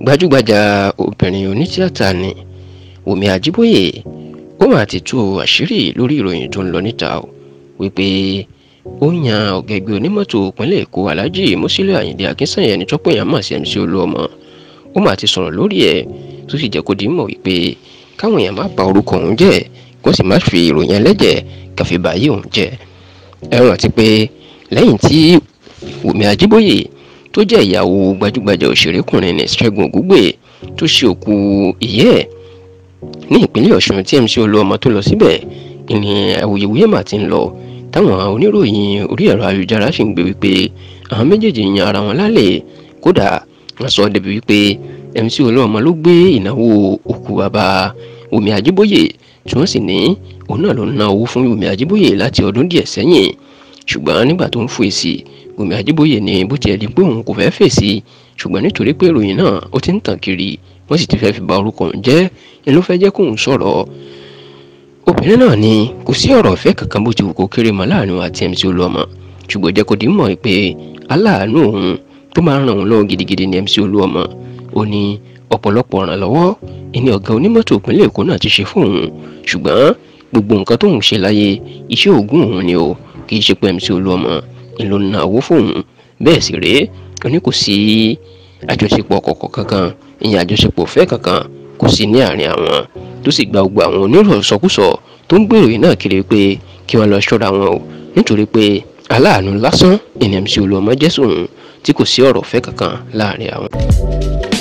gbajúgbajà obìnrin onítìátà ni Wùmí Àjíbóyè ó mà ti tú àṣírí lórí ìròyìn tó ń lọ níta o wípé ó yan ọ̀gẹ̀gbẹ̀ onímọ́tò ìpínlẹ̀ Èkó Alhaji Musiliu Ayinde Akinsanya ẹni tọ́pọ̀ èèyàn mà sí MC Olúọmọ ó mà ti sọ̀rọ̀ lórí ẹ̀ tó sì jẹ́ kó di mọ̀ wípé káwọn èèyàn má bà orúkọ òun jẹ́ kó sì má fi ìròyìn ẹlẹ́jẹ̀ kàfi bàyí òun jẹ́ ẹ rántí pé lẹ́yìn tí Wùmí Àjíbóyè tó jẹ́ ìyàwó gbajúgbajà òṣèrékùnrin ní Ṣẹ́gun Ògúngbè tó ṣe òkú ìyẹ́ ẹ̀ ní ìpínlẹ̀ Ọ̀ṣun tí MC Olúọmọ tó lọ síbẹ̀ ìní awuyewuye mà ti ń lọ táwọn oníròyìn orí ẹ̀rọ ayélujára sì ń gbé wípé àwọn méjèèjì yan ara wọn lálẹ́ kódà wọ́n sọ débi wípé MC Olúọmọ ló gbé ìnáwó òkú bàbá Wùmí Àjíbóyè tí wọ́n sì ní òun náà ló ná owó fún Wùmí Àjíbóyè láti ọdún díẹ̀ sẹ́yìn ṣùgbọ́n nígbà tó ń fò èsì Wùmí Ajíbóyè ní bó tiẹ̀ di pé òun kò fẹ́ fèsì ṣùgbọ́n nítorí pé ìròyìn náà ó ti ń tàn kiri wọ́n sì ti fẹ́ fi ba orúkọ òun jẹ́ ni ló fẹ́ jẹ́ kóun sọ̀rọ̀ obìnrin náà ni kò sí ọ̀rọ̀ ìfẹ́ kankan bó ti wù kó kéré mọ́ láàrin òun àti MC Olúọmọ ṣùgbọ́n jẹ́ kó di mọ̀ pé aláàánú òun tó máa ń ràn òun lọ́wọ́ gidigidi ni MC Olúọmọ ó ní ọ̀pọ̀lọpọ̀ ìrànlọ́wọ́ ẹni ọ̀gá onímọ́tò ìpínlẹ̀ Èkó náà ti ṣe fún òun ṣùgbọ́n gbogbo nǹkan tóun ṣe láyé iṣẹ́ òògùn òun ni o kì í ṣe pé MC Olúọmọ ló náwó fóun bẹ́ẹ̀ sì rèé ó ní kò sí àjọṣepọ̀ kọ̀ọ̀kan kankan ìyẹn àjọṣepọ̀ ọ̀fẹ́ kankan kò sí ní àárín àwọn tó sì gba gbogbo àwọn oníròyìn sọkúsọ tó ń gbèrò yìí náà kiri pé kí wọ́n lọ ṣọ́ra wọn o nítorí pé aláàánú lásán ni MC Olúọmọ jẹ́ sóun tí kò sí ọ̀rọ̀ ọ̀fẹ́ kankan láàárín àwọn.